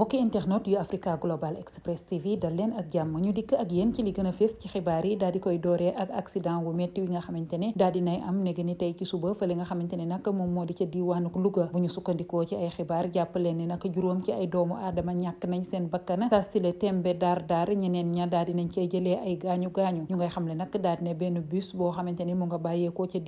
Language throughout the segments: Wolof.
mbokki internet yu Africa Global Express TV dal len ak jàmm ñu dik ak yeen ci li gëna fess ci xibaar yi dal di koy dooree ak accident wu metti wi nga xamantene dal di nay am ne gëni tay ci suba li nga xamantene nak mom modi ci di ca diwaanuk Louga bu ñu sukkandiko ci ay xibaar japp len ni nak juroom ci ay doomu adama ñak nañ seen bakkan sa sile tembe dar dar ñeneen ña dal di nañ ci jëlé ay gañu gañu ñu ngay xam nak dal ne benn bus boo xamante ni mu nga bàyyeekoo ca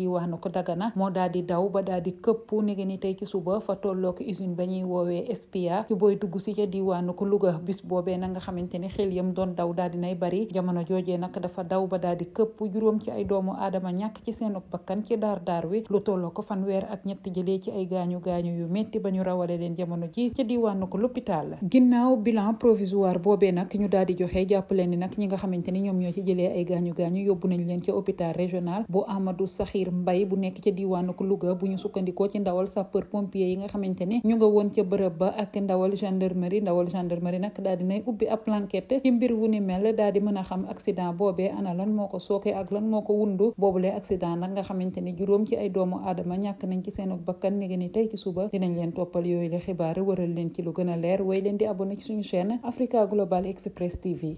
ko Dagana mo dal di daw ba dal di kepp ne gëni tay ci suba fa tollok usine bañuy wowe spa ci boy dugg ci ca diwaanu ko Louga bis boobee nag nga xamante ne xel yam doon daw daal dinay bari jamono joojee nag dafa daw ba daal di këpp juróom ci ay doomu aadama ñàkk ci seenu bakkan ci daar daar wi lu tolloo ko fanweer ak ñett jëlee ci ay gaañu gaañu yu metti ba ñu rawale leen jamono ji ca diwaanu ko l'hôpital ginnaaw bilan provisoire boobee nag ñu daal di joxe jàpp leen ni nag ñi nga xamante ni ñoom ñoo ci jëlee ay gaañu gaañu yóbbu nañ leen ca hôpital régional bu Amadou Sakhir Mbaye bu nekk ca diwaanu ko Louga bu ñu ci ndawal sapeur pompier ñu nga woon ca bërëb ba ak gendarmerie ndawal gendarmerie nag daal dinay ubbi ab enquête ci mbir wu ni mel daal di mën a xam accident boobee ana lan moo ko sooke ak lan moo ko wundu boobulee accident nag nga xamante ni juróom ci ay doomu aadama ñàkk nañ ci seen bakkan ni ni tey ci suba dinañ leen toppal yooyu xibaar wëral leen ci lu gën leer way leen di abonné ci suñu chaîne Africa Global Express TV